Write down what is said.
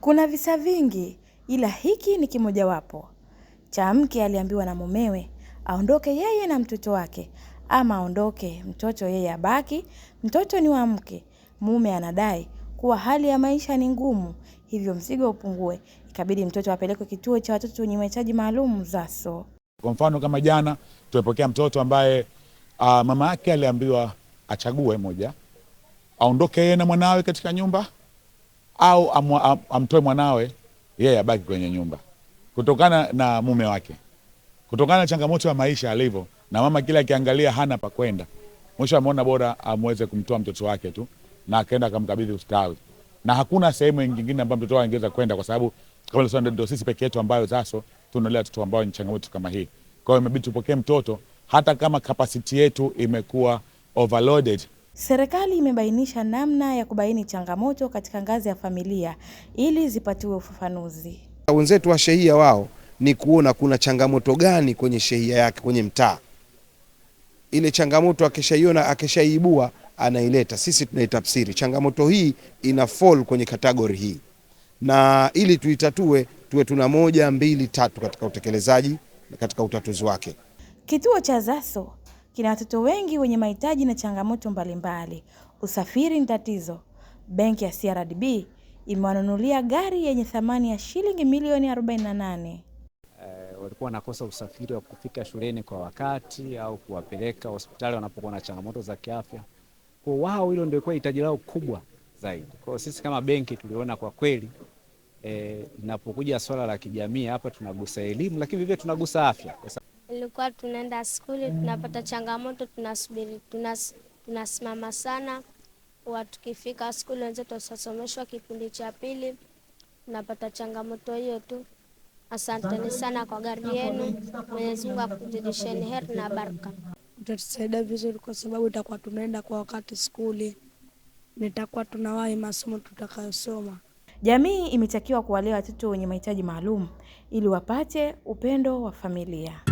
Kuna visa vingi, ila hiki ni kimojawapo. Cha mke aliambiwa na mumewe aondoke yeye na mtoto wake, ama aondoke mtoto yeye abaki. Mtoto ni wa mke, mume anadai kuwa hali ya maisha ni ngumu, hivyo mzigo upungue. Ikabidi mtoto apelekwe kituo cha watoto wenye mahitaji maalum ZASO. Kwa mfano kama jana tumepokea mtoto ambaye ah, mama yake aliambiwa achague moja, aondoke yeye na mwanawe katika nyumba au am, amtoe mwanawe yeye yeah, abaki kwenye nyumba kutokana na mume wake, kutokana na changamoto ya maisha alivyo, na mama kila akiangalia hana pa kwenda, mwisho ameona bora amweze kumtoa mtoto wake tu, na akaenda akamkabidhi ustawi, na hakuna sehemu nyingine ambayo mtoto wake angeweza kwenda, kwa sababu kama ndio sisi peke yetu ambayo zaso tunalea watoto ambao ni changamoto kama hii. Kwa hiyo imebidi tupokee mtoto hata kama kapasiti yetu imekuwa overloaded Serikali imebainisha namna ya kubaini changamoto katika ngazi ya familia ili zipatiwe ufafanuzi. Wenzetu wa shehia wao ni kuona kuna changamoto gani kwenye shehia yake, kwenye mtaa. Ile changamoto akishaiona, akishaiibua anaileta, sisi tunaitafsiri changamoto hii ina fall kwenye kategori hii, na ili tuitatue tuwe tuna moja mbili tatu katika utekelezaji na katika utatuzi wake. Kituo cha Zaso kina watoto wengi wenye mahitaji na changamoto mbalimbali. Usafiri ni tatizo. Benki ya CRDB imewanunulia gari yenye thamani ya shilingi milioni 48. Uh, eh, walikuwa wanakosa usafiri wa kufika shuleni kwa wakati au kuwapeleka hospitali wanapokuwa na changamoto za kiafya. Kwa wao hilo ndio kwa hitaji lao kubwa zaidi. Kwa sisi kama benki tuliona kwa kweli eh, inapokuja e, swala la kijamii hapa tunagusa elimu, lakini vivyo tunagusa afya. kwa tulikuwa tunaenda skuli tunapata changamoto, tunasubiri, tunas, tunasimama sana wa tukifika skuli wenzetu wasasomeshwa kipindi cha pili, tunapata changamoto hiyo tu. Asanteni sana kwa gari yenu. Mwenyezi Mungu akuzidisheni heri na baraka. Utatusaidia vizuri kwa sababu itakuwa tunaenda kwa wakati skuli, nitakuwa tunawahi masomo tutakayosoma. Jamii imetakiwa kuwalea watoto wenye mahitaji maalum ili wapate upendo wa familia.